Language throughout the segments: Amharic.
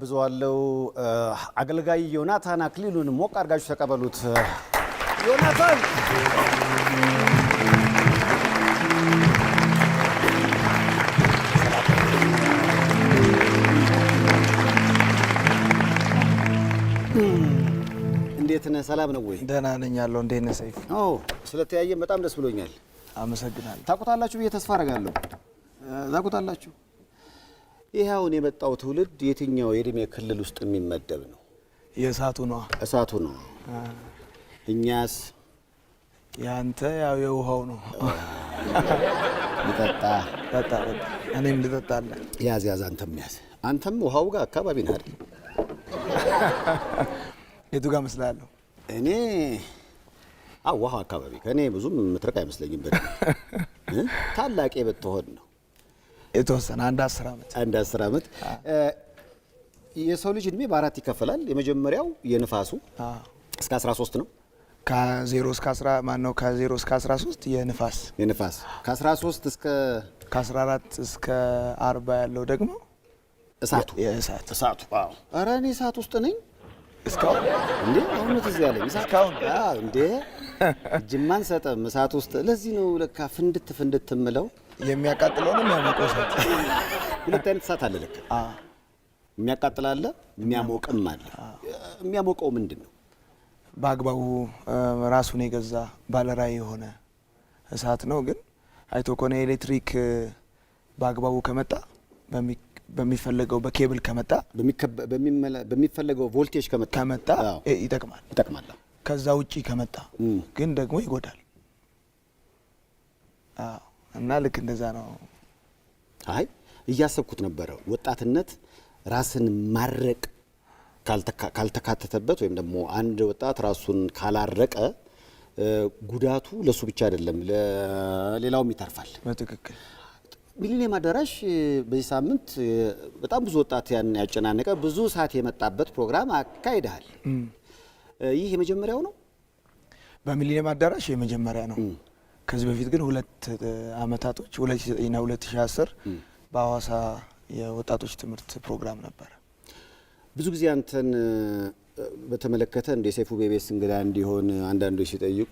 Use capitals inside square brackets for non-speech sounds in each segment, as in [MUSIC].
ብዙአለው አገልጋይ ዮናታን አክሊሉን ሞቅ አድርጋችሁ ተቀበሉት። ዮናታን እንዴት ነህ? ሰላም ነው ወይ? ደህና ነኝ አለው። እንዴት ነህ ሰይፍ? ስለተያየን በጣም ደስ ብሎኛል። አመሰግናለሁ። ታውቁታላችሁ ብዬ ተስፋ አደርጋለሁ። ታውቁታላችሁ ይህ አሁን የመጣው ትውልድ የትኛው የእድሜ ክልል ውስጥ የሚመደብ ነው? የእሳቱ ነ እሳቱ ነው። እኛስ? ያንተ ያው የውሃው ነው። ልጠጣ ጠጣ። እኔም ልጠጣለ። ያዝ ያዝ፣ አንተም ያዝ። አንተም ውሃው ጋር አካባቢ ነህ አይደል? የቱ ጋር መስላለሁ እኔ? ውሃው አካባቢ ከእኔ ብዙም ምትርቅ አይመስለኝም። በ ታላቄ ብትሆን ነው የተወሰነ አንድ አስር ዓመት አንድ አስር ዓመት የሰው ልጅ እድሜ በአራት ይከፈላል። የመጀመሪያው የንፋሱ እስከ 13 ነው። ከዜሮ እስከ 10 ማን ነው? ከዜሮ እስከ 13 የንፋስ የንፋስ ከ13 እስከ ከ14 እስከ 40 ያለው ደግሞ እሳቱ እሳቱ እሳቱ። አዎ፣ ኧረ እኔ እሳት ውስጥ ነኝ እስካሁን። እንዴ አሁን ትዝ ያለኝ እስካሁን። አዎ፣ እንዴ ጅማን ሰጠም እሳት ውስጥ ለዚህ ነው ለካ ፍንድት ፍንድት ምለው የሚያቃጥለው ነው የሚያሞቀው ሁለት አይነት እሳት አለ። ልክ የሚያቃጥል አለ፣ የሚያሞቅም አለ። የሚያሞቀው ምንድን ነው? በአግባቡ ራሱን የገዛ ባለራዕይ የሆነ እሳት ነው። ግን አይቶ ከሆነ ኤሌክትሪክ በአግባቡ ከመጣ በሚፈለገው በኬብል ከመጣ በሚፈለገው ቮልቴጅ ከመጣ ከመጣ ይጠቅማል ይጠቅማል። ከዛ ውጪ ከመጣ ግን ደግሞ ይጎዳል። አዎ እና ልክ እንደዛ ነው። አይ እያሰብኩት ነበረ ወጣትነት ራስን ማረቅ ካልተካተተበት ወይም ደግሞ አንድ ወጣት ራሱን ካላረቀ ጉዳቱ ለሱ ብቻ አይደለም፣ ለሌላውም ይተርፋል። በትክክል ሚሊኒየም አዳራሽ በዚህ ሳምንት በጣም ብዙ ወጣት ያን ያጨናነቀ ብዙ ሰዓት የመጣበት ፕሮግራም አካሂደሃል። ይህ የመጀመሪያው ነው፣ በሚሊኒየም አዳራሽ የመጀመሪያ ነው። ከዚህ በፊት ግን ሁለት አመታቶች 2009ና 2010 በአዋሳ የወጣቶች ትምህርት ፕሮግራም ነበር። ብዙ ጊዜ አንተን በተመለከተ እንደ ሰይፉ ቤቤስ እንግዳ እንዲሆን አንዳንዶች ሲጠይቁ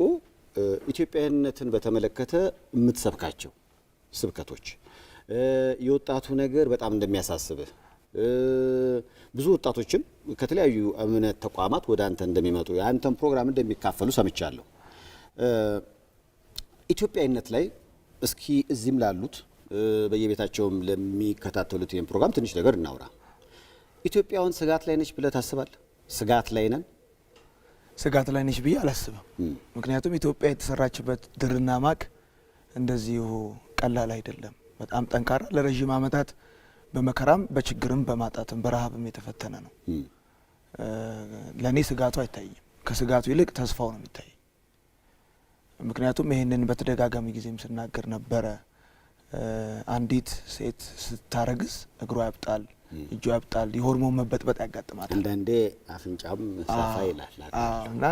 ኢትዮጵያዊነትን በተመለከተ የምትሰብካቸው ስብከቶች የወጣቱ ነገር በጣም እንደሚያሳስብህ ብዙ ወጣቶችም ከተለያዩ እምነት ተቋማት ወደ አንተ እንደሚመጡ የአንተን ፕሮግራም እንደሚካፈሉ ሰምቻለሁ። ኢትዮጵያዊነት ላይ እስኪ እዚህም ላሉት በየቤታቸውም ለሚከታተሉት ይህን ፕሮግራም ትንሽ ነገር እናውራ። ኢትዮጵያውን ስጋት ላይ ነች ብለህ ታስባለህ? ስጋት ላይ ነን ስጋት ላይ ነች ብዬ አላስብም። ምክንያቱም ኢትዮጵያ የተሰራችበት ድርና ማቅ እንደዚሁ ቀላል አይደለም። በጣም ጠንካራ ለረዥም ዓመታት በመከራም በችግርም በማጣትም በረሃብም የተፈተነ ነው። ለእኔ ስጋቱ አይታይም። ከስጋቱ ይልቅ ተስፋው ነው የሚታይ። ምክንያቱም ይህንን በተደጋጋሚ ጊዜም ስናገር ነበረ። አንዲት ሴት ስታረግዝ እግሯ ያብጣል፣ እጇ ያብጣል፣ የሆርሞን መበጥበጥ ያጋጥማል። አንዳንዴ አፍንጫም ሰፋ ይላል እና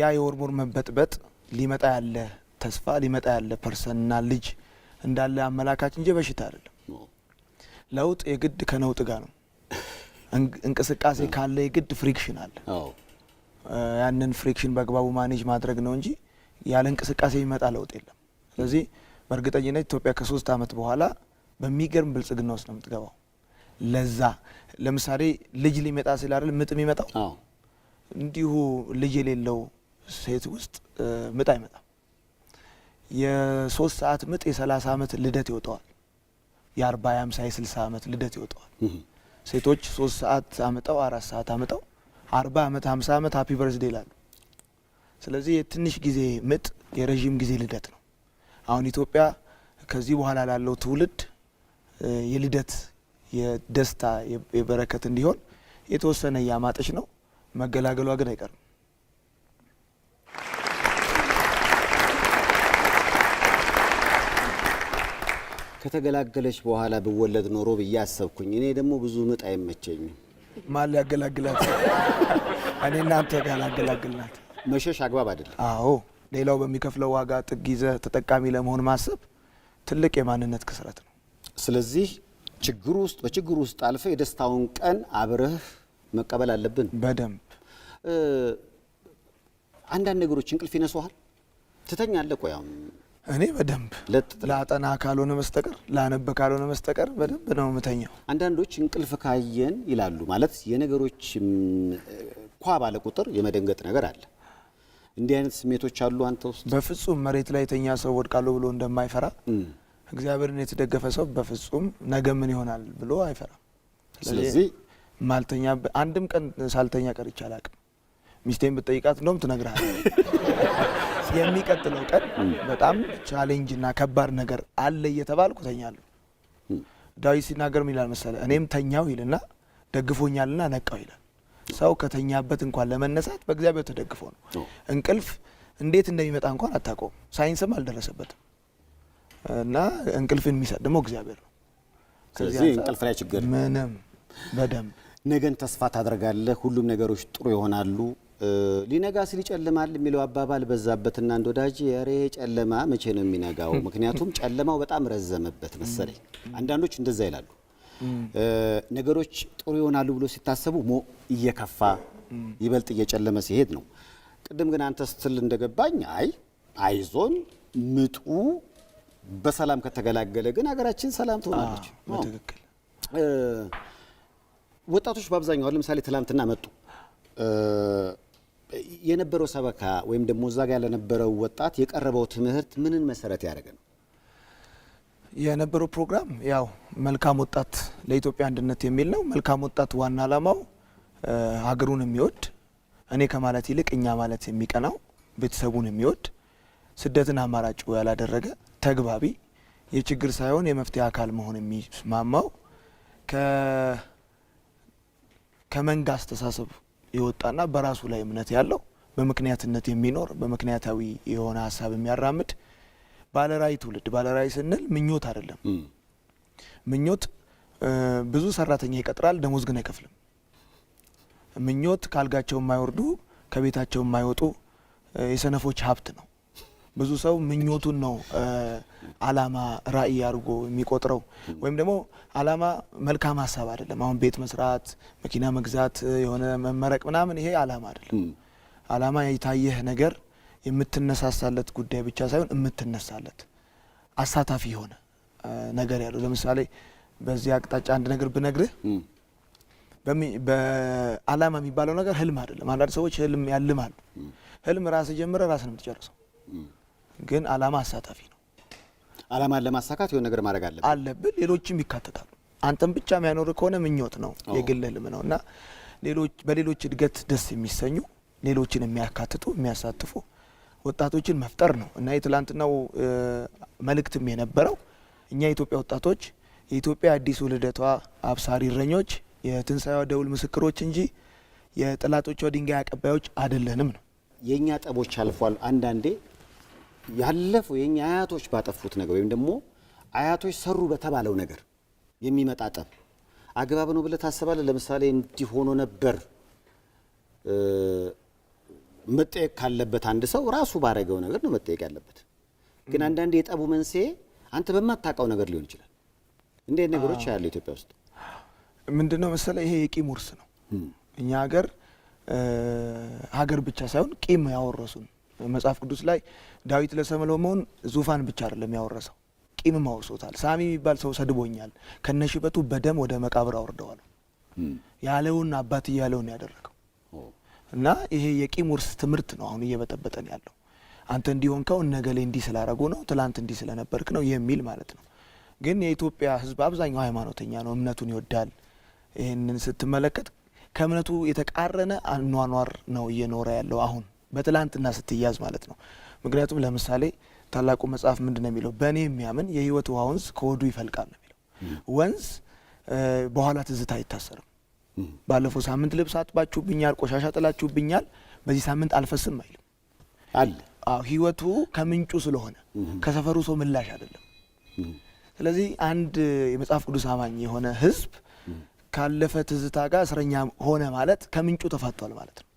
ያ የሆርሞን መበጥበጥ ሊመጣ ያለ ተስፋ ሊመጣ ያለ ፐርሰንና ልጅ እንዳለ አመላካች እንጂ በሽታ አይደለም። ለውጥ የግድ ከነውጥ ጋር ነው። እንቅስቃሴ ካለ የግድ ፍሪክሽን አለ። ያንን ፍሪክሽን በአግባቡ ማኔጅ ማድረግ ነው እንጂ ያለ እንቅስቃሴ የሚመጣ ለውጥ የለም። ስለዚህ በእርግጠኝነት ኢትዮጵያ ከሶስት ዓመት በኋላ በሚገርም ብልጽግና ውስጥ ነው የምትገባው። ለዛ ለምሳሌ ልጅ ሊመጣ ሲል አይደል ምጥ የሚመጣው እንዲሁ ልጅ የሌለው ሴት ውስጥ ምጥ አይመጣም። የሶስት ሰዓት ምጥ የሰላሳ ዓመት ልደት ይወጣዋል። የአርባ የአምሳ የስልሳ ዓመት ልደት ይወጣዋል። ሴቶች ሶስት ሰዓት አምጠው አራት ሰዓት አምጠው አርባ ዓመት ሀምሳ ዓመት ሀፒ በርዝዴ ይላሉ። ስለዚህ የትንሽ ጊዜ ምጥ የረዥም ጊዜ ልደት ነው። አሁን ኢትዮጵያ ከዚህ በኋላ ላለው ትውልድ የልደት የደስታ የበረከት እንዲሆን የተወሰነ እያማጠች ነው። መገላገሏ ግን አይቀርም። ከተገላገለች በኋላ ብወለድ ኖሮ ብዬ አሰብኩኝ። እኔ ደግሞ ብዙ ምጥ አይመቸኝም። ማን ሊያገላግላት? እኔ እናንተ ጋር ላገላግልናት መሸሽ አግባብ አይደለም። አዎ ሌላው በሚከፍለው ዋጋ ጥግ ይዘህ ተጠቃሚ ለመሆን ማሰብ ትልቅ የማንነት ክስረት ነው። ስለዚህ ችግሩ ውስጥ በችግሩ ውስጥ አልፈ የደስታውን ቀን አብረህ መቀበል አለብን። በደንብ አንዳንድ ነገሮች እንቅልፍ ይነሱሃል። ትተኛለህ። ቆይ እኔ በደንብ ላጠና ካልሆነ መስጠቀር ላነብ ካልሆነ መስጠቀር በደንብ ነው የምተኛው። አንዳንዶች እንቅልፍ ካየን ይላሉ ማለት የነገሮች ኳ ባለ ቁጥር የመደንገጥ ነገር አለ። እንዲህ አይነት ስሜቶች አሉ አንተ ውስጥ? በፍጹም መሬት ላይ የተኛ ሰው ወድቃለሁ ብሎ እንደማይፈራ እግዚአብሔርን የተደገፈ ሰው በፍጹም ነገ ምን ይሆናል ብሎ አይፈራም። ስለዚህ ማልተኛ አንድም ቀን ሳልተኛ ቀርቼ አላቅም። ሚስቴን ብጠይቃት እንደውም ትነግርሃለህ። [LAUGHS] የሚቀጥለው ቀን በጣም ቻሌንጅ እና ከባድ ነገር አለ እየተባልኩ ተኛለሁ። ዳዊት ሲናገር ምን ይላል መሰለ፣ እኔም ተኛው ይልና ደግፎኛልና ነቃው ይላል። ሰው ከተኛበት እንኳን ለመነሳት በእግዚአብሔር ተደግፎ ነው። እንቅልፍ እንዴት እንደሚመጣ እንኳን አታውቀውም፣ ሳይንስም አልደረሰበትም። እና እንቅልፍ የሚሰጥ ደግሞ እግዚአብሔር ነው። ስለዚህ እንቅልፍ ላይ ችግር ምንም በደንብ ነገን ተስፋ ታደርጋለህ። ሁሉም ነገሮች ጥሩ ይሆናሉ። ሊነጋ ሲል ይጨልማል የሚለው አባባል በዛበትና እንደ ወዳጅ የሬ ጨለማ መቼ ነው የሚነጋው? ምክንያቱም ጨለማው በጣም ረዘመበት መሰለኝ። አንዳንዶች እንደዛ ይላሉ። ነገሮች ጥሩ ይሆናሉ ብሎ ሲታሰቡ ሞ እየከፋ ይበልጥ እየጨለመ ሲሄድ ነው። ቅድም ግን አንተ ስትል እንደገባኝ አይ አይዞን ምጡ በሰላም ከተገላገለ ግን ሀገራችን ሰላም ትሆናለች። ወጣቶች በአብዛኛው ለምሳሌ ትላንትና መጡ የነበረው ሰበካ ወይም ደግሞ እዛ ጋር ለነበረው ወጣት የቀረበው ትምህርት ምንን መሰረት ያደረገ ነው? የነበረው ፕሮግራም ያው መልካም ወጣት ለኢትዮጵያ አንድነት የሚል ነው። መልካም ወጣት ዋና ዓላማው ሀገሩን የሚወድ እኔ ከማለት ይልቅ እኛ ማለት የሚቀናው ቤተሰቡን የሚወድ ስደትን አማራጭ ያላደረገ ተግባቢ የችግር ሳይሆን የመፍትሄ አካል መሆን የሚስማማው ከመንጋ አስተሳሰብ የወጣና በራሱ ላይ እምነት ያለው በምክንያትነት የሚኖር በምክንያታዊ የሆነ ሀሳብ የሚያራምድ ባለራይ ትውልድ ባለራይ ስንል ምኞት አይደለም። ምኞት ብዙ ሰራተኛ ይቀጥራል፣ ደሞዝ ግን አይከፍልም። ምኞት ካልጋቸው የማይወርዱ ከቤታቸው የማይወጡ የሰነፎች ሀብት ነው። ብዙ ሰው ምኞቱን ነው አላማ ራዕይ አድርጎ የሚቆጥረው። ወይም ደግሞ አላማ መልካም ሀሳብ አይደለም። አሁን ቤት መስራት፣ መኪና መግዛት፣ የሆነ መመረቅ ምናምን ይሄ አላማ አይደለም። አላማ የታየህ ነገር የምትነሳሳለት ጉዳይ ብቻ ሳይሆን የምትነሳለት አሳታፊ የሆነ ነገር ያለው ለምሳሌ በዚህ አቅጣጫ አንድ ነገር ብነግርህ በአላማ የሚባለው ነገር ህልም አይደለም። አንዳንድ ሰዎች ህልም ያልማሉ። ህልም ራስ ጀምረ ራስህ ነው የምትጨርሰው። ግን አላማ አሳታፊ ነው። አላማን ለማሳካት የሆነ ነገር ማድረግ አለብን አለብን። ሌሎችም ይካተታሉ። አንተም ብቻ የሚያኖር ከሆነ ምኞት ነው፣ የግል ህልም ነው እና በሌሎች እድገት ደስ የሚሰኙ ሌሎችን የሚያካትቱ የሚያሳትፉ ወጣቶችን መፍጠር ነው እና የትላንትናው መልእክትም የነበረው እኛ የኢትዮጵያ ወጣቶች የኢትዮጵያ አዲሱ ልደቷ አብሳሪ እረኞች የትንሣኤዋ ደውል ምስክሮች እንጂ የጠላቶቿ ድንጋይ አቀባዮች አይደለንም ነው። የእኛ ጠቦች አልፏል። አንዳንዴ ያለፈው የእኛ አያቶች ባጠፉት ነገር ወይም ደግሞ አያቶች ሰሩ በተባለው ነገር የሚመጣ ጠብ አግባብ ነው ብለህ ታስባለህ? ለምሳሌ እንዲህ ሆኖ ነበር መጠየቅ ካለበት አንድ ሰው ራሱ ባረገው ነገር ነው መጠየቅ ያለበት። ግን አንዳንድ የጠቡ መንስኤ አንተ በማታውቀው ነገር ሊሆን ይችላል። እንዴት ነገሮች ያሉ ኢትዮጵያ ውስጥ ምንድን ነው ይሄ የቂም ውርስ ነው። እኛ ሀገር ሀገር ብቻ ሳይሆን ቂም ያወረሱን። መጽሐፍ ቅዱስ ላይ ዳዊት ለሰሎሞን ዙፋን ብቻ አይደለም ያወረሰው፣ ቂምም አውርሶታል። ሳሚ የሚባል ሰው ሰድቦኛል፣ ከነሽበቱ በደም ወደ መቃብር አውርደዋል ያለውን አባት እያለውን ያደረገው እና ይሄ የቂም ውርስ ትምህርት ነው አሁን እየበጠበጠን ያለው። አንተ እንዲሆንከው እነገሌ እንዲህ ስላረጉ ነው፣ ትላንት እንዲህ ስለነበርክ ነው የሚል ማለት ነው። ግን የኢትዮጵያ ሕዝብ አብዛኛው ሃይማኖተኛ ነው፣ እምነቱን ይወዳል። ይህንን ስትመለከት ከእምነቱ የተቃረነ አኗኗር ነው እየኖረ ያለው አሁን በትላንትና ስትያዝ ማለት ነው። ምክንያቱም ለምሳሌ ታላቁ መጽሐፍ ምንድን ነው የሚለው? በእኔ የሚያምን የህይወት ውሃ ወንዝ ከወዱ ይፈልቃል ነው የሚለው። ወንዝ በኋላ ትዝታ አይታሰርም። ባለፈው ሳምንት ልብስ አጥባችሁብኛል፣ ቆሻሻ ጥላችሁብኛል፣ በዚህ ሳምንት አልፈስም አይልም አለ። አዎ ህይወቱ ከምንጩ ስለሆነ ከሰፈሩ ሰው ምላሽ አይደለም። ስለዚህ አንድ የመጽሐፍ ቅዱስ አማኝ የሆነ ህዝብ ካለፈ ትዝታ ጋር እስረኛ ሆነ ማለት ከምንጩ ተፋቷል ማለት ነው።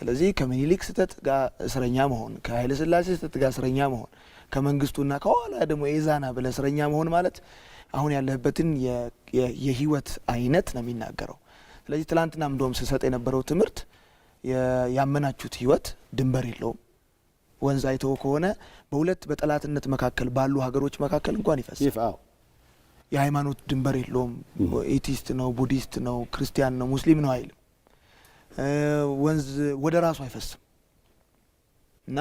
ስለዚህ ከምኒልክ ስህተት ጋር እስረኛ መሆን፣ ከኃይለ ስላሴ ስህተት ጋር እስረኛ መሆን፣ ከመንግስቱና ከኋላ ደግሞ የኢዛና ብለ እስረኛ መሆን ማለት አሁን ያለህበትን የህይወት አይነት ነው የሚናገረው። ስለዚህ ትላንትና እንደውም ስሰጥ የነበረው ትምህርት ያመናችሁት ህይወት ድንበር የለውም። ወንዝ አይተው ከሆነ በሁለት በጠላትነት መካከል ባሉ ሀገሮች መካከል እንኳን ይፈሳል። የሃይማኖት ድንበር የለውም። ኤቲስት ነው፣ ቡዲስት ነው፣ ክርስቲያን ነው፣ ሙስሊም ነው አይልም። ወንዝ ወደ ራሱ አይፈስም እና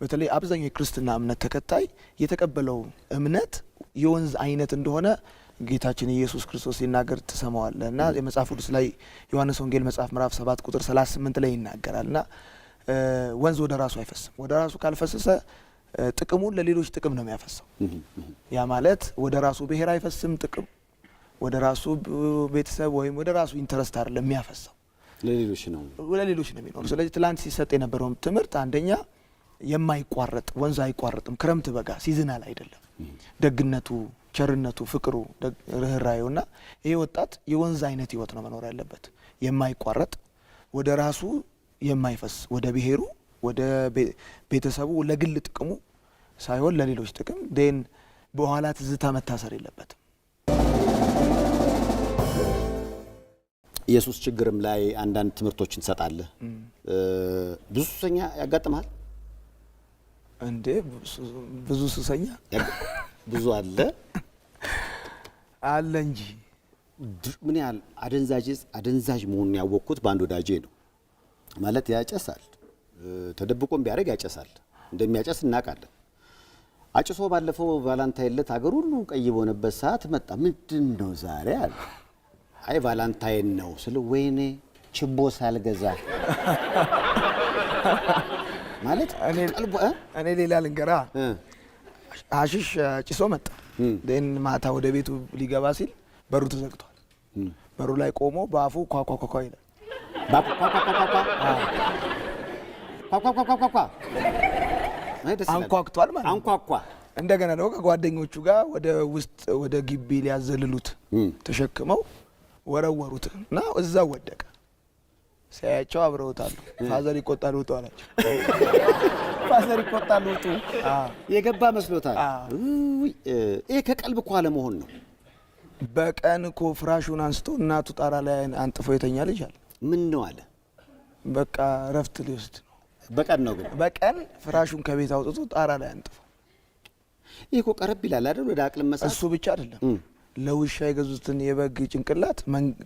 በተለይ አብዛኛው የክርስትና እምነት ተከታይ የተቀበለው እምነት የወንዝ አይነት እንደሆነ ጌታችን ኢየሱስ ክርስቶስ ሲናገር ትሰማዋለህ እና የመጽሐፍ ቅዱስ ላይ ዮሐንስ ወንጌል መጽሐፍ ምዕራፍ 7 ቁጥር 38 ላይ ይናገራል እና ወንዝ ወደ ራሱ አይፈስም። ወደ ራሱ ካልፈሰሰ ጥቅሙን ለሌሎች ጥቅም ነው የሚያፈሰው። ያ ማለት ወደ ራሱ ብሔር አይፈስም ጥቅም ወደ ራሱ ቤተሰብ ወይም ወደ ራሱ ኢንተረስት አይደለም የሚያፈሰው፣ ለሌሎች ነው ለሌሎች ነው የሚኖሩ። ስለዚህ ትላንት ሲሰጥ የነበረውም ትምህርት አንደኛ የማይቋረጥ ወንዝ አይቋረጥም። ክረምት በጋ ሲዝናል አይደለም። ደግነቱ፣ ቸርነቱ፣ ፍቅሩ፣ ና ይህ ወጣት የወንዝ አይነት ህይወት ነው መኖር ያለበት የማይቋረጥ ወደ ራሱ የማይፈስ ወደ ብሔሩ፣ ወደ ቤተሰቡ፣ ለግል ጥቅሙ ሳይሆን ለሌሎች ጥቅም ን በኋላ ትዝታ መታሰር የለበትም። ኢየሱስ ችግርም ላይ አንዳንድ ትምህርቶችን እንሰጣለ ብዙ ሱሰኛ ያጋጥመሃል። እንዴ ብዙ ሱሰኛ ብዙ አለ አለ እንጂ ምን ያህል አደንዛዥ አደንዛዥ መሆኑን ያወቅኩት በአንድ ወዳጄ ነው። ማለት ያጨሳል፣ ተደብቆም ቢያደርግ ያጨሳል። እንደሚያጨስ እናውቃለን። አጭሶ ባለፈው ቫላንታይን ዕለት ሀገር ሁሉ ቀይ በሆነበት ሰዓት መጣ። ምንድን ነው ዛሬ አለ። አይ ቫላንታይን ነው ስለ ወይኔ ችቦ ሳልገዛ ማለት እኔ ሌላ ልንገራ አሽሽ ጭሶ መጣ። ን ማታ ወደ ቤቱ ሊገባ ሲል በሩ ተዘግቷል። በሩ ላይ ቆሞ በአፉ ኳኳኳኳ ይላል። ኳኳኳኳኳ ማለት አንኳኳ። እንደገና ደግሞ ከጓደኞቹ ጋር ወደ ውስጥ ወደ ግቢ ሊያዘልሉት ተሸክመው ወረወሩት እና እዛው ወደቀ። ሲያያቸው አብረውታሉ። ፋዘር ይቆጣሉ ውጡ አላቸው። [LAUGHS] ፋዘር ይቆጣሉ ውጡ የገባ መስሎታል። ይሄ ከቀልብ እኮ አለመሆን ነው። በቀን እኮ ፍራሹን አንስቶ እናቱ ጣራ ላይ አንጥፎ የተኛ ልጅ አለ። ምን ነው አለ። በቃ እረፍት ሊወስድ ነው። በቀን ነው ግን በቀን ፍራሹን ከቤት አውጥቶ ጣራ ላይ አንጥፎ። ይህ እኮ ቀረብ ይላል አይደል? ወደ አቅል መሳ እሱ ብቻ አይደለም። ለውሻ የገዙትን የበግ ጭንቅላት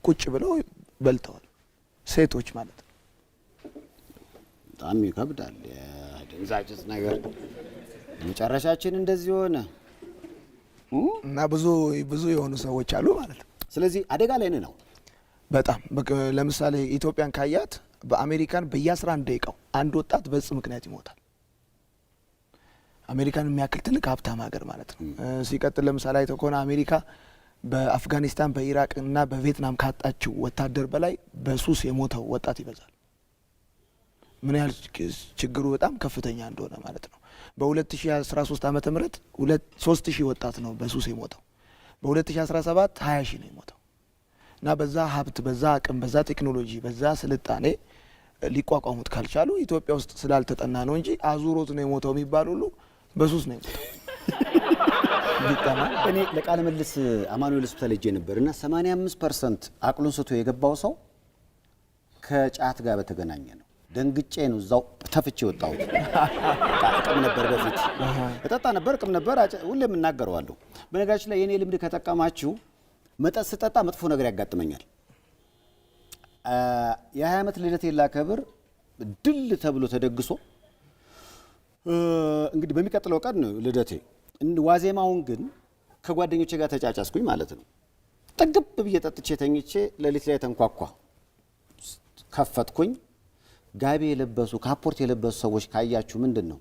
ቁጭ ብለው በልተዋል። ሴቶች ማለት ነው። በጣም ይከብዳል። የደንዛጭት ነገር መጨረሻችን እንደዚህ ሆነ እና ብዙ ብዙ የሆኑ ሰዎች አሉ ማለት ነው። ስለዚህ አደጋ ላይ ነው። በጣም ለምሳሌ ኢትዮጵያን ካያት በአሜሪካን በየአስራ አንድ ደቂቃው አንድ ወጣት በእጽ ምክንያት ይሞታል። አሜሪካን የሚያክል ትልቅ ሀብታም ሀገር ማለት ነው። ሲቀጥል ለምሳሌ አይተው ከሆነ አሜሪካ በአፍጋኒስታን በኢራቅ እና በቪየትናም ካጣችው ወታደር በላይ በሱስ የሞተው ወጣት ይበዛል። ምን ያህል ችግሩ በጣም ከፍተኛ እንደሆነ ማለት ነው። በ2013 ም 3 3000 ወጣት ነው በሱስ የሞተው። በ2017 20 ሺህ ነው የሞተው እና በዛ ሀብት፣ በዛ አቅም፣ በዛ ቴክኖሎጂ፣ በዛ ስልጣኔ ሊቋቋሙት ካልቻሉ ኢትዮጵያ ውስጥ ስላልተጠና ነው እንጂ አዙሮት ነው የሞተው የሚባል ሁሉ በሱስ ነው የሞተው። እኔ ለቃለ መልስ አማኑኤል ሆስፒታል ሄጄ ነበር እና 85 ፐርሰንት አቅሉን ስቶ የገባው ሰው ከጫት ጋር በተገናኘ ነው። ደንግጬ ነው እዛው ተፍቼ የወጣሁት። እቅም ነበር በፊት እጠጣ ነበር፣ እቅም ነበር፣ ሁሌም እናገረዋለሁ። በነገራችን ላይ የእኔ ልምድ ከጠቀማችሁ መጠጥ ስጠጣ መጥፎ ነገር ያጋጥመኛል። የ20 ዓመት ልደቴን ላከብር ድል ተብሎ ተደግሶ እንግዲህ በሚቀጥለው ቀን ልደቴ ዋዜማውን ግን ከጓደኞቼ ጋር ተጫጫስኩኝ ማለት ነው። ጥግብ ብዬ ጠጥቼ ተኝቼ ሌሊት ላይ ተንኳኳ። ከፈትኩኝ። ጋቢ የለበሱ ካፖርት የለበሱ ሰዎች ካያችሁ ምንድን ነው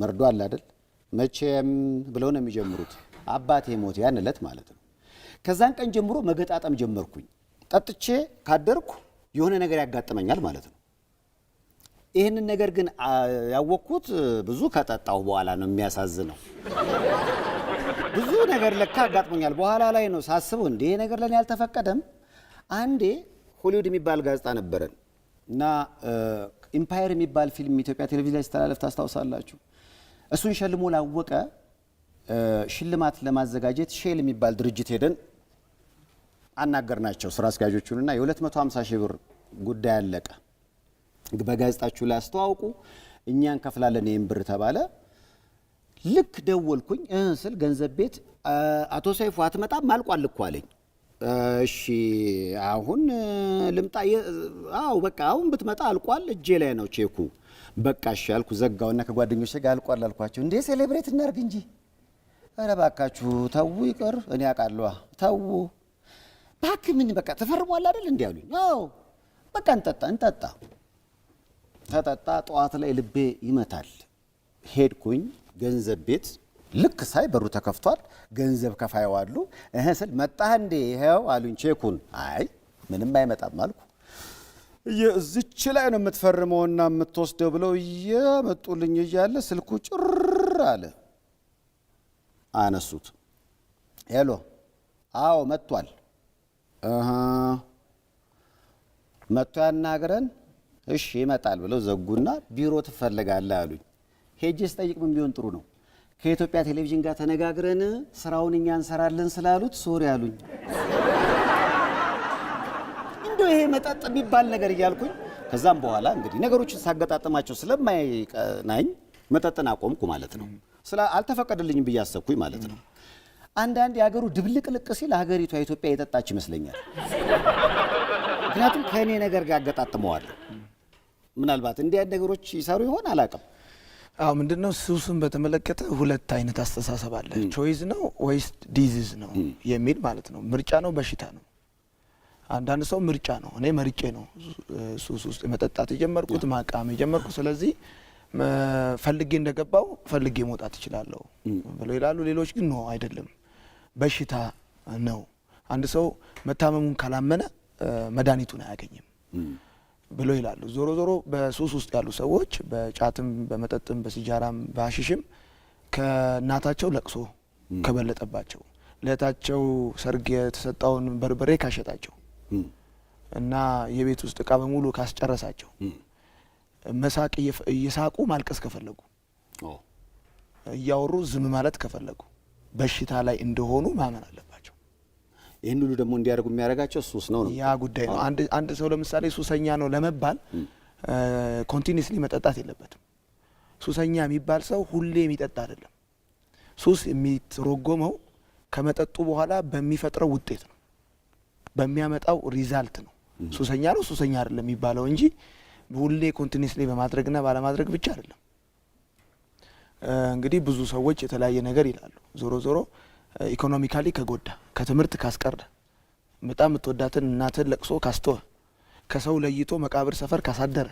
መርዶ አለ አይደል? መቼም ብለው ነው የሚጀምሩት። አባቴ ሞት ያን ማለት ነው። ከዛን ቀን ጀምሮ መገጣጠም ጀመርኩኝ። ጠጥቼ ካደርኩ የሆነ ነገር ያጋጥመኛል ማለት ነው። ይህንን ነገር ግን ያወቅኩት ብዙ ከጠጣሁ በኋላ ነው። የሚያሳዝነው ብዙ ነገር ለካ አጋጥሞኛል በኋላ ላይ ነው ሳስበው፣ እንዴ ነገር ለእኔ አልተፈቀደም። አንዴ ሆሊውድ የሚባል ጋዜጣ ነበረን እና ኢምፓየር የሚባል ፊልም ኢትዮጵያ ቴሌቪዥን ላይ ሲተላለፍ ታስታውሳላችሁ። እሱን ሸልሞ ላወቀ ሽልማት ለማዘጋጀት ሼል የሚባል ድርጅት ሄደን አናገርናቸው ስራ አስኪያጆቹንና የ250 ሺህ ብር ጉዳይ አለቀ። በጋዜጣችሁ ላይ አስተዋውቁ፣ እኛ እንከፍላለን ይህን ብር ተባለ። ልክ ደወልኩኝ ስል ገንዘብ ቤት አቶ ሰይፉ አትመጣም አልቋል እኮ አለኝ። እሺ አሁን ልምጣ? አዎ በቃ አሁን ብትመጣ አልቋል፣ እጄ ላይ ነው ቼኩ። በቃ እሺ አልኩ። ዘጋውና ከጓደኞች ጋር አልቋል አልኳቸው። እንዴ ሴሌብሬት እናርግ እንጂ ኧረ እባካችሁ ተዉ፣ ይቅር እኔ አውቃለዋ፣ ተዉ እባክህ። ምን በቃ ተፈርሟል አይደል? እንዲህ አሉኝ። አዎ በቃ እንጠጣ እንጠጣ ተጠጣ። ጠዋት ላይ ልቤ ይመታል። ሄድኩኝ ገንዘብ ቤት ልክ ሳይ በሩ ተከፍቷል። ገንዘብ ከፋይዋ አሉ። እህ ስል መጣህ እንዴ? ይኸው አሉኝ ቼኩን። አይ ምንም አይመጣም አልኩ። እዚች ላይ ነው የምትፈርመውና የምትወስደው ብለው እየመጡልኝ እያለ ስልኩ ጭር አለ። አነሱት። ሄሎ፣ አዎ መጥቷል። መጥቶ ያናግረን እሺ ይመጣል ብለው ዘጉና ቢሮ ትፈልጋለህ አሉኝ። ሄጄ ስጠይቅ ምን ቢሆን ጥሩ ነው ከኢትዮጵያ ቴሌቪዥን ጋር ተነጋግረን ስራውን እኛ እንሰራለን ስላሉት ሶሪ አሉኝ። እንዲ ይሄ መጠጥ የሚባል ነገር እያልኩኝ ከዛም በኋላ እንግዲህ ነገሮችን ሳገጣጥማቸው ስለማይቀናኝ መጠጥን አቆምኩ ማለት ነው። አልተፈቀደልኝም ብዬ አሰብኩኝ ማለት ነው። አንዳንድ የሀገሩ ድብልቅልቅ ሲል ሀገሪቷ ኢትዮጵያ የጠጣች ይመስለኛል። ምክንያቱም ከእኔ ነገር ጋር አገጣጥመዋለሁ። ምናልባት እንዲህ አይነት ነገሮች ይሰሩ ይሆን አላውቅም። አዎ ምንድን ነው ሱሱን በተመለከተ ሁለት አይነት አስተሳሰብ አለ። ቾይዝ ነው ወይስ ዲዚዝ ነው የሚል ማለት ነው። ምርጫ ነው በሽታ ነው። አንዳንድ ሰው ምርጫ ነው፣ እኔ መርጬ ነው ሱስ ውስጥ መጠጣት የጀመርኩት ማቃም የጀመርኩት ስለዚህ ፈልጌ እንደገባው ፈልጌ መውጣት እችላለሁ ብለው ይላሉ። ሌሎች ግን ነው አይደለም፣ በሽታ ነው። አንድ ሰው መታመሙን ካላመነ መድኃኒቱን አያገኝም። ብሎ ይላሉ። ዞሮ ዞሮ በሱስ ውስጥ ያሉ ሰዎች በጫትም፣ በመጠጥም፣ በሲጃራም፣ በአሽሽም ከእናታቸው ለቅሶ ከበለጠባቸው ለእህታቸው ሰርግ የተሰጠውን በርበሬ ካሸጣቸው እና የቤት ውስጥ እቃ በሙሉ ካስጨረሳቸው መሳቅ እየሳቁ ማልቀስ ከፈለጉ እያወሩ ዝም ማለት ከፈለጉ በሽታ ላይ እንደሆኑ ማመን አለበት። ይህን ሁሉ ደግሞ እንዲያደርጉ የሚያደርጋቸው ሱስ ነው ነው ያ ጉዳይ ነው። አንድ ሰው ለምሳሌ ሱሰኛ ነው ለመባል ኮንቲኒስሊ መጠጣት የለበትም። ሱሰኛ የሚባል ሰው ሁሌ የሚጠጣ አይደለም። ሱስ የሚትሮጎመው ከመጠጡ በኋላ በሚፈጥረው ውጤት ነው፣ በሚያመጣው ሪዛልት ነው። ሱሰኛ ነው ሱሰኛ አይደለም የሚባለው እንጂ ሁሌ ኮንቲኒስሊ በማድረግና ባለማድረግ ብቻ አይደለም። እንግዲህ ብዙ ሰዎች የተለያየ ነገር ይላሉ። ዞሮ ዞሮ ኢኮኖሚካሊ ከጎዳ፣ ከትምህርት ካስቀረ፣ በጣም የምትወዳትን እናትን ለቅሶ ካስተወ፣ ከሰው ለይቶ መቃብር ሰፈር ካሳደረ፣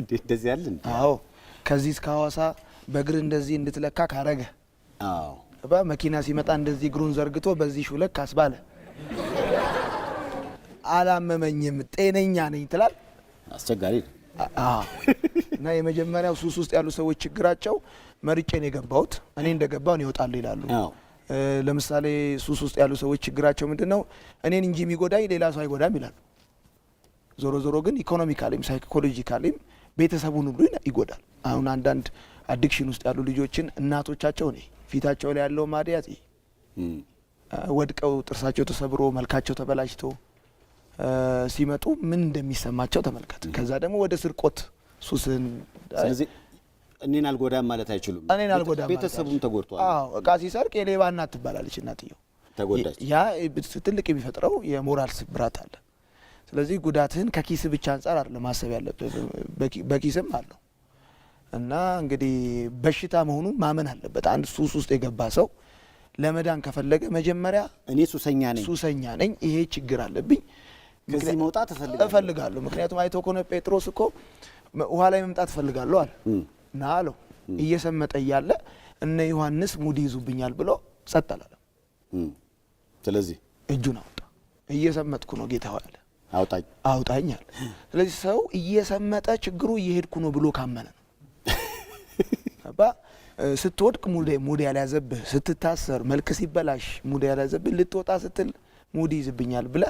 እንደዚህ ያለ አዎ፣ ከዚህ እስከ ሐዋሳ በእግር እንደዚህ እንድትለካ ካረገ፣ አዎ፣ መኪና ሲመጣ እንደዚህ እግሩን ዘርግቶ በዚህ ሹለክ ካስባለ፣ አላመመኝም ጤነኛ ነኝ ትላል። አስቸጋሪ እና የመጀመሪያው ሱስ ውስጥ ያሉ ሰዎች ችግራቸው መርጬን የገባሁት እኔ እንደገባውን ይወጣሉ ይላሉ። ለምሳሌ ሱስ ውስጥ ያሉ ሰዎች ችግራቸው ምንድን ነው? እኔን እንጂ የሚጎዳኝ ሌላ ሰው አይጎዳም ይላሉ። ዞሮ ዞሮ ግን ኢኮኖሚካሊም ሳይኮሎጂካሊም ቤተሰቡን ሁሉ ይጎዳል። አሁን አንዳንድ አዲክሽን ውስጥ ያሉ ልጆችን እናቶቻቸው ነ ፊታቸው ላይ ያለው ማድያት ወድቀው ጥርሳቸው ተሰብሮ መልካቸው ተበላሽቶ ሲመጡ ምን እንደሚሰማቸው ተመልከት። ከዛ ደግሞ ወደ ስርቆት ሱስን እኔን አልጎዳም ማለት አይችሉም። እኔን አልጎዳም ቤተሰቡም ተጎድቷል። አዎ እቃ ሲሰርቅ የሌባ እናት ትባላለች እናትየው ተጎዳች። ያ ትልቅ የሚፈጥረው የሞራል ስብራት አለ። ስለዚህ ጉዳትህን ከኪስ ብቻ አንጻር አይደለም ማሰብ ያለብህ፣ በኪስም አለው እና እንግዲህ በሽታ መሆኑን ማመን አለበት። አንድ ሱስ ውስጥ የገባ ሰው ለመዳን ከፈለገ መጀመሪያ እኔ ሱሰኛ ነኝ ሱሰኛ ነኝ ይሄ ችግር አለብኝ ከዚህ መውጣት እፈልጋለሁ። ምክንያቱም አይቶ ከሆነ ጴጥሮስ እኮ ውሃ ላይ መምጣት እፈልጋለሁ አለ። ና አለው። እየሰመጠ እያለ እነ ዮሐንስ ሙድ ይዙብኛል ብሎ ጸጥ አላለም። ስለዚህ እጁን አውጣ እየሰመጥኩ ነው ጌታ አለ አውጣኝ አውጣኝ አለ። ስለዚህ ሰው እየሰመጠ ችግሩ እየሄድኩ ነው ብሎ ካመነ ነው [LAUGHS] አባ ስትወድቅ ሙድ ያልያዘብህ ስትታሰር መልክ ሲበላሽ ሙድ ያልያዘብህ ልትወጣ ስትል ሙድ ይዝብኛል ብለ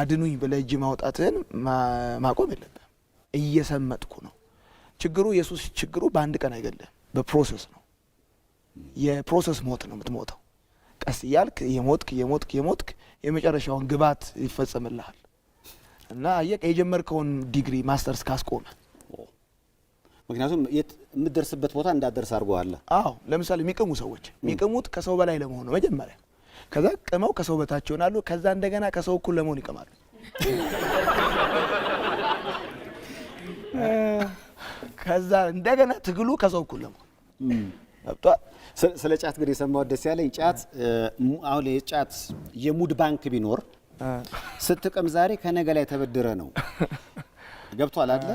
አድኑኝ ብለህ እጅ ማውጣትህን ማቆም የለብህም። እየሰመጥኩ ነው ችግሩ ኢየሱስ ችግሩ በአንድ ቀን አይገለም፣ በፕሮሰስ ነው። የፕሮሰስ ሞት ነው የምትሞተው። ቀስ እያልክ የሞትክ የሞትክ የሞትክ የመጨረሻውን ግባት ይፈጸምልሃል። እና የጀመር የጀመርከውን ዲግሪ ማስተርስ ካስቆመ ምክንያቱም የምትደርስበት ቦታ እንዳደርስ አድርገዋለ። አዎ ለምሳሌ የሚቅሙ ሰዎች የሚቅሙት ከሰው በላይ ለመሆን ነው መጀመሪያ። ከዛ ቅመው ከሰው በታች ይሆናሉ። ከዛ እንደገና ከሰው እኩል ለመሆን ይቅማሉ። [LAUGHS] ከዛ እንደገና ትግሉ ከሰው እኩል ለመሆን ገብቷል። ስለ ጫት ግን የሰማሁት ደስ ያለኝ ጫት አሁን የጫት የሙድ ባንክ ቢኖር ስትቀም ዛሬ ከነገ ላይ ተበድረ ነው [LAUGHS] ገብቷል አለ።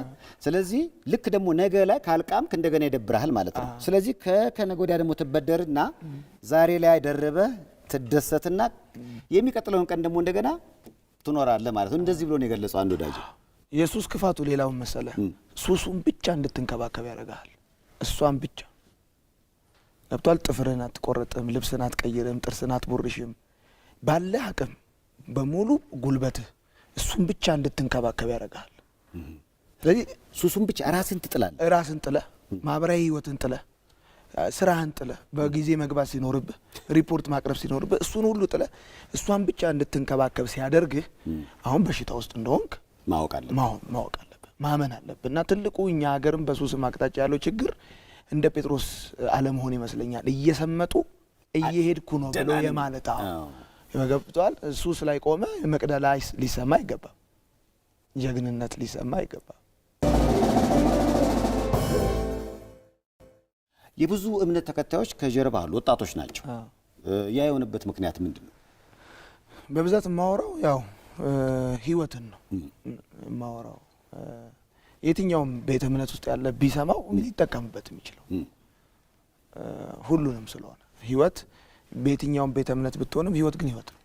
ስለዚህ ልክ ደግሞ ነገ ላይ ካልቃምክ እንደገና ይደብረሃል ማለት ነው። ስለዚህ ከነገ ወዲያ ደግሞ ትበደርና ዛሬ ላይ ደረበ ትደሰትና የሚቀጥለውን ቀን ደግሞ እንደገና ትኖራለህ ማለት ነው። እንደዚህ ብሎ ነው የገለጸው አንድ ወዳጅ። የሱስ ክፋቱ ሌላውን መሰለ፣ ሱሱን ብቻ እንድትንከባከብ ያደርግሃል። እሷን ብቻ ገብቷል። ጥፍርህን አትቆረጥም፣ ልብስን አትቀይርም፣ ጥርስን አትቦርሽም። ባለ አቅም በሙሉ ጉልበትህ እሱን ብቻ እንድትንከባከብ ያደርግሃል። ስለዚህ ሱሱን ብቻ ራስን ትጥላል። ራስን ጥለ ማህበራዊ ህይወትን ጥለ ስራህን ጥለ በጊዜ መግባት ሲኖርብህ ሪፖርት ማቅረብ ሲኖርብህ እሱን ሁሉ ጥለ እሷን ብቻ እንድትንከባከብ ሲያደርግህ አሁን በሽታ ውስጥ እንደሆንክ ማወቅ አለብን ማወቅ አለብን ማመን አለብን እና ትልቁ እኛ ሀገርም በሱስም አቅጣጫ ያለው ችግር እንደ ጴጥሮስ አለመሆን ይመስለኛል። እየሰመጡ እየሄድኩ ነው ብሎ የማለት ይመገብተዋል ሱስ ላይ ቆመ መቅደላ ሊሰማ አይገባም። ጀግንነት ሊሰማ አይገባም። የብዙ እምነት ተከታዮች ከጀርባ አሉ ወጣቶች ናቸው። ያ የሆነበት ምክንያት ምንድን ነው? በብዛት የማወራው ያው ህይወትን ነው የማወራው። የትኛውም ቤተ እምነት ውስጥ ያለ ቢሰማው እንግዲህ የሚችለው ሁሉንም ስለሆነ ህይወት በየትኛውም ቤተ እምነት ብትሆንም ህይወት ግን ህይወት ነው።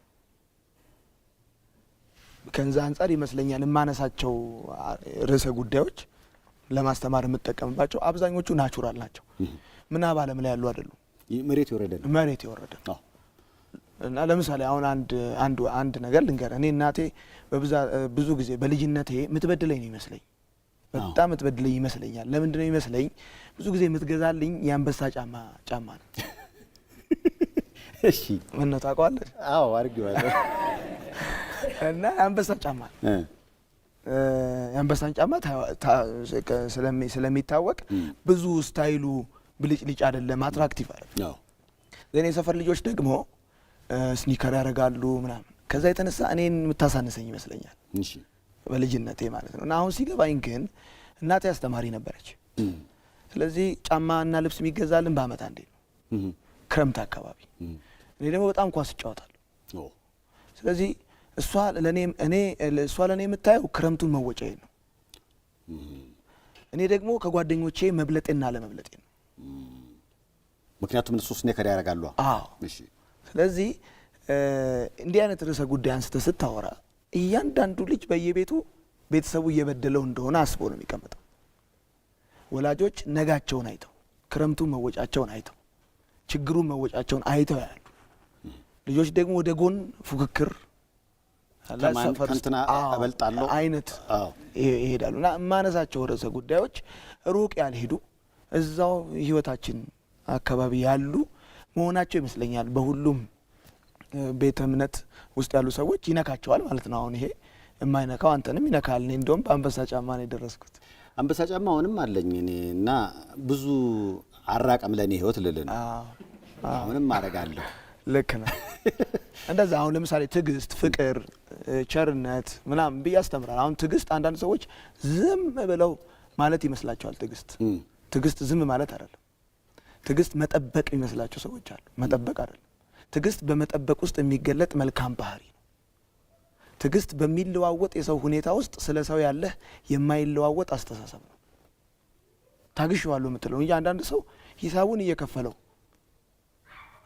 ከንዛ አንጻር ይመስለኛል የማነሳቸው ርዕሰ ጉዳዮች ለማስተማር የምጠቀምባቸው አብዛኞቹ ናቹራል ናቸው። ምናብ ዓለም ላይ ያሉ አይደሉም። መሬት የወረደ ነው። መሬት የወረደ ነው። እና ለምሳሌ አሁን አንድ አንድ አንድ ነገር ልንገር። እኔ እናቴ በብዛ ብዙ ጊዜ በልጅነቴ የምትበድለኝ ነው ይመስለኝ፣ በጣም የምትበድለኝ ይመስለኛል። ነው ይመስለኝ? ብዙ ጊዜ የምትገዛልኝ የአንበሳ ጫማ ጫማ ነው። እሺ ምን ነው ታውቀዋለህ? አዎ አድርጌዋለሁ። እና የአንበሳ ጫማ ነው የአንበሳን ጫማ ስለሚታወቅ ብዙ ስታይሉ ብልጭልጭ አይደለም፣ አትራክቲቭ አይደለም። የእኔ ሰፈር ልጆች ደግሞ ስኒከር ያደርጋሉ ምናምን። ከዛ የተነሳ እኔን የምታሳንሰኝ ይመስለኛል በልጅነቴ ማለት ነው። እና አሁን ሲገባኝ ግን እናቴ አስተማሪ ነበረች። ስለዚህ ጫማና ልብስ የሚገዛልን በአመት አንዴ ነው ክረምት አካባቢ። እኔ ደግሞ በጣም ኳስ እጫወታለሁ። ስለዚህ እሷ ለእኔ የምታየው ክረምቱን መወጫዬ ነው። እኔ ደግሞ ከጓደኞቼ መብለጤና ለመብለጤ ነው። ምክንያቱም እነሱ ስኔከር ያደርጋሉ። አዎ ስለዚህ እንዲህ አይነት ርዕሰ ጉዳይ አንስተ ስታወራ እያንዳንዱ ልጅ በየቤቱ ቤተሰቡ እየበደለው እንደሆነ አስቦ ነው የሚቀመጠው። ወላጆች ነጋቸውን አይተው ክረምቱ መወጫቸውን አይተው ችግሩ መወጫቸውን አይተው ያሉ ልጆች ደግሞ ወደ ጎን ፉክክር አበልጣለሁ አይነት ይሄዳሉ እና የማነሳቸው ርዕሰ ጉዳዮች ሩቅ ያልሄዱ እዛው ህይወታችን አካባቢ ያሉ መሆናቸው ይመስለኛል። በሁሉም ቤተ እምነት ውስጥ ያሉ ሰዎች ይነካቸዋል ማለት ነው። አሁን ይሄ የማይነካው አንተንም ይነካል። እኔ እንደውም በአንበሳ ጫማ ነው የደረስኩት። አንበሳ ጫማ አሁንም አለኝ እኔ እና ብዙ አራቀም ለእኔ ህይወት ልልን አሁንም አረጋለሁ። ልክ ነህ። እንደዛ አሁን ለምሳሌ ትዕግስት፣ ፍቅር፣ ቸርነት ምናምን ብዬ አስተምራል። አሁን ትዕግስት አንዳንድ ሰዎች ዝም ብለው ማለት ይመስላቸዋል። ትዕግስት ትዕግስት ዝም ማለት አይደለም። ትዕግስት መጠበቅ የሚመስላቸው ሰዎች አሉ። መጠበቅ አይደለም። ትዕግስት በመጠበቅ ውስጥ የሚገለጥ መልካም ባህሪ ነው። ትዕግስት በሚለዋወጥ የሰው ሁኔታ ውስጥ ስለ ሰው ያለህ የማይለዋወጥ አስተሳሰብ ነው። ታግሼዋለሁ የምትለው እንጂ አንዳንድ ሰው ሂሳቡን እየከፈለው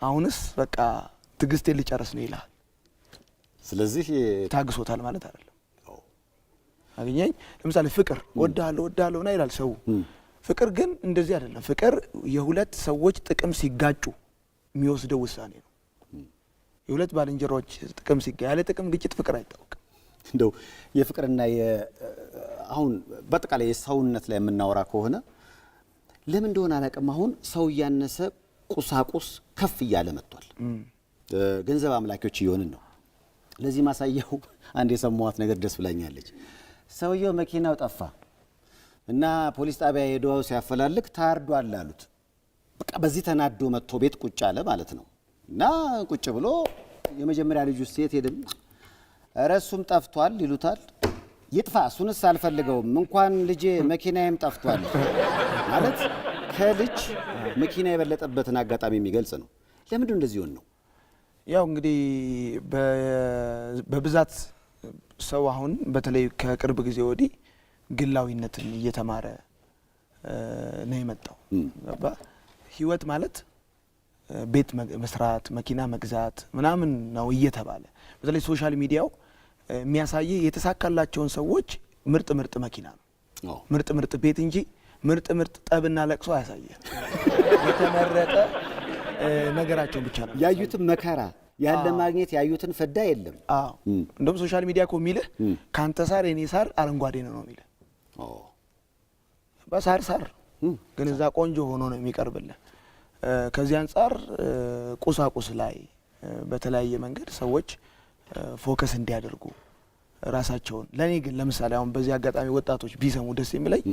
አሁንስ በቃ ትዕግስቴን ልጨርስ ነው ይልሃል። ስለዚህ ታግሶታል ማለት አይደለም። አገኘኝ ለምሳሌ ፍቅር ወዳለሁ ወዳለሁ ና ይላል ሰው ፍቅር ግን እንደዚህ አይደለም። ፍቅር የሁለት ሰዎች ጥቅም ሲጋጩ የሚወስደው ውሳኔ ነው። የሁለት ባልንጀሮች ጥቅም ሲጋ ያለ ጥቅም ግጭት ፍቅር አይታወቅም። እንደው የፍቅርና አሁን በአጠቃላይ የሰውነት ላይ የምናወራ ከሆነ ለምን እንደሆነ አላውቅም። አሁን ሰው እያነሰ ቁሳቁስ ከፍ እያለ መጥቷል። ገንዘብ አምላኪዎች እየሆንን ነው። ለዚህ ማሳያው አንድ የሰማዋት ነገር ደስ ብላኛለች። ሰውየው መኪናው ጠፋ እና ፖሊስ ጣቢያ ሄዶ ሲያፈላልግ ታርዷል አሉት። በቃ በዚህ ተናዶ መጥቶ ቤት ቁጭ አለ ማለት ነው። እና ቁጭ ብሎ የመጀመሪያ ልጁ ሴት ሄድም ኧረ እሱም ጠፍቷል ይሉታል። ይጥፋ እሱንስ አልፈልገውም። እንኳን ልጄ መኪናዬም ጠፍቷል ማለት ከልጅ መኪና የበለጠበትን አጋጣሚ የሚገልጽ ነው። ለምንድን እንደዚህ ሆን ነው? ያው እንግዲህ በብዛት ሰው አሁን በተለይ ከቅርብ ጊዜ ወዲህ ግላዊነትን እየተማረ ነው የመጣው። ህይወት ማለት ቤት መስራት፣ መኪና መግዛት ምናምን ነው እየተባለ በተለይ ሶሻል ሚዲያው የሚያሳየ የተሳካላቸውን ሰዎች ምርጥ ምርጥ መኪና ነው ምርጥ ምርጥ ቤት እንጂ ምርጥ ምርጥ ጠብና ለቅሶ አያሳየህ። የተመረጠ ነገራቸውን ብቻ ነው ያዩትን መከራ ያለ ማግኘት ያዩትን ፍዳ የለም። እንደውም ሶሻል ሚዲያ እኮ የሚልህ ከአንተ ሳር የኔ ሳር አረንጓዴ ነው ነው የሚልህ በሳር ሳር ግን እዛ ቆንጆ ሆኖ ነው የሚቀርብልን። ከዚህ አንጻር ቁሳቁስ ላይ በተለያየ መንገድ ሰዎች ፎከስ እንዲያደርጉ ራሳቸውን ለእኔ ግን ለምሳሌ አሁን በዚህ አጋጣሚ ወጣቶች ቢሰሙ ደስ የሚለኝ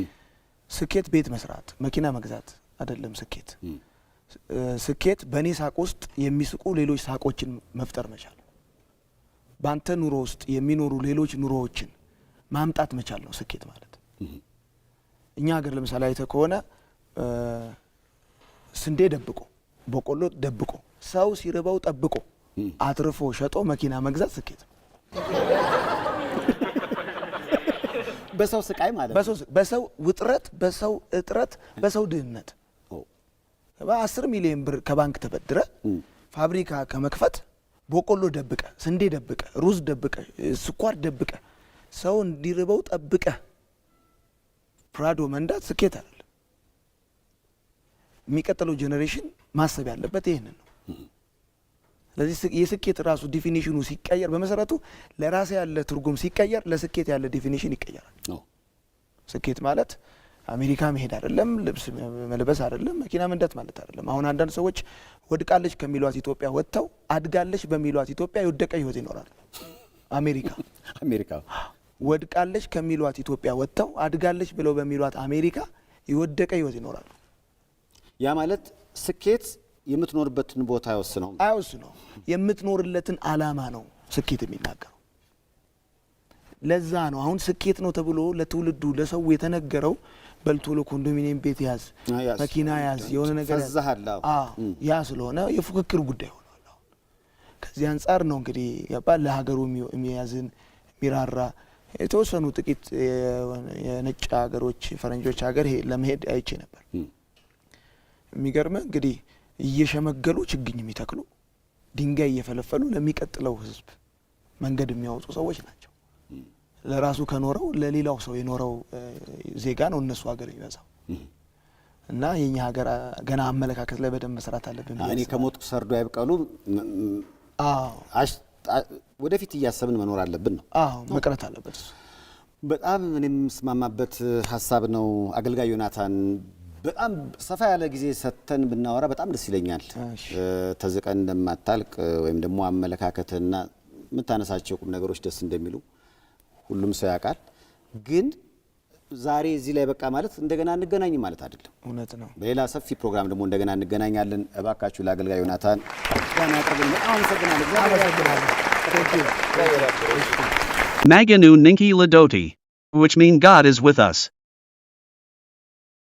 ስኬት ቤት መስራት፣ መኪና መግዛት አይደለም። ስኬት ስኬት በእኔ ሳቅ ውስጥ የሚስቁ ሌሎች ሳቆችን መፍጠር መቻል፣ በአንተ ኑሮ ውስጥ የሚኖሩ ሌሎች ኑሮዎችን ማምጣት መቻል ነው ስኬት ማለት። እኛ ሀገር ለምሳሌ አይተ ከሆነ ስንዴ ደብቆ፣ በቆሎ ደብቆ፣ ሰው ሲርበው ጠብቆ አትርፎ ሸጦ መኪና መግዛት ስኬት በሰው ስቃይ ማለት በሰው ውጥረት፣ በሰው እጥረት፣ በሰው ድህነት በአስር ሚሊዮን ብር ከባንክ ተበድረ ፋብሪካ ከመክፈት በቆሎ ደብቀ፣ ስንዴ ደብቀ፣ ሩዝ ደብቀ፣ ስኳር ደብቀ፣ ሰው እንዲርበው ጠብቀ ፕራዶ መንዳት ስኬት አይደለም። የሚቀጥለው ጄኔሬሽን ማሰብ ያለበት ይህንን ነው። ስለዚህ የስኬት ራሱ ዲፊኒሽኑ ሲቀየር በመሰረቱ ለራሴ ያለ ትርጉም ሲቀየር ለስኬት ያለ ዲፊኒሽን ይቀየራል። ስኬት ማለት አሜሪካ መሄድ አይደለም፣ ልብስ መልበስ አይደለም፣ መኪና መንዳት ማለት አይደለም። አሁን አንዳንድ ሰዎች ወድቃለች ከሚሏት ኢትዮጵያ ወጥተው አድጋለች በሚሏት ኢትዮጵያ የወደቀ ህይወት ይኖራል። አሜሪካ አሜሪካ ወድቃለች ከሚሏት ኢትዮጵያ ወጥተው አድጋለች ብለው በሚሏት አሜሪካ የወደቀ ህይወት ይኖራሉ። ያ ማለት ስኬት የምትኖርበትን ቦታ አይወስነውም፣ አይወስነውም። የምትኖርለትን አላማ ነው ስኬት የሚናገረው። ለዛ ነው አሁን ስኬት ነው ተብሎ ለትውልዱ ለሰው የተነገረው በልቶሎ ኮንዶሚኒየም ቤት ያዝ፣ መኪና ያዝ፣ የሆነ ነገር ያ ስለሆነ የፉክክር ጉዳይ ሆኗል። ከዚህ አንጻር ነው እንግዲህ ገባ ለሀገሩ የሚያዝን የሚራራ የተወሰኑ ጥቂት የነጭ ሀገሮች ፈረንጆች ሀገር ለመሄድ አይቼ ነበር። የሚገርመ እንግዲህ እየሸመገሉ ችግኝ የሚተክሉ ድንጋይ እየፈለፈሉ ለሚቀጥለው ህዝብ መንገድ የሚያወጡ ሰዎች ናቸው። ለራሱ ከኖረው ለሌላው ሰው የኖረው ዜጋ ነው እነሱ ሀገር የሚበዛው እና የኛ ሀገር ገና አመለካከት ላይ በደንብ መስራት አለብን። እኔ ከሞትኩ ሰርዶ አይብቀሉ ወደፊት እያሰብን መኖር አለብን ነው። አዎ መቅረት አለበት። በጣም እኔም የምስማማበት ሀሳብ ነው። አገልጋይ ዮናታን በጣም ሰፋ ያለ ጊዜ ሰጥተን ብናወራ በጣም ደስ ይለኛል። ተዝቀን እንደማታልቅ ወይም ደግሞ አመለካከትህና የምታነሳቸው ቁም ነገሮች ደስ እንደሚሉ ሁሉም ሰው ያውቃል ግን ዛሬ እዚህ ላይ በቃ ማለት እንደገና እንገናኝ ማለት አይደለም። እውነት ነው። በሌላ ሰፊ ፕሮግራም ደግሞ እንደገና እንገናኛለን። እባካችሁ ለአገልጋይ ዮናታን Maganu Ninki Ladoti, which mean God is with us.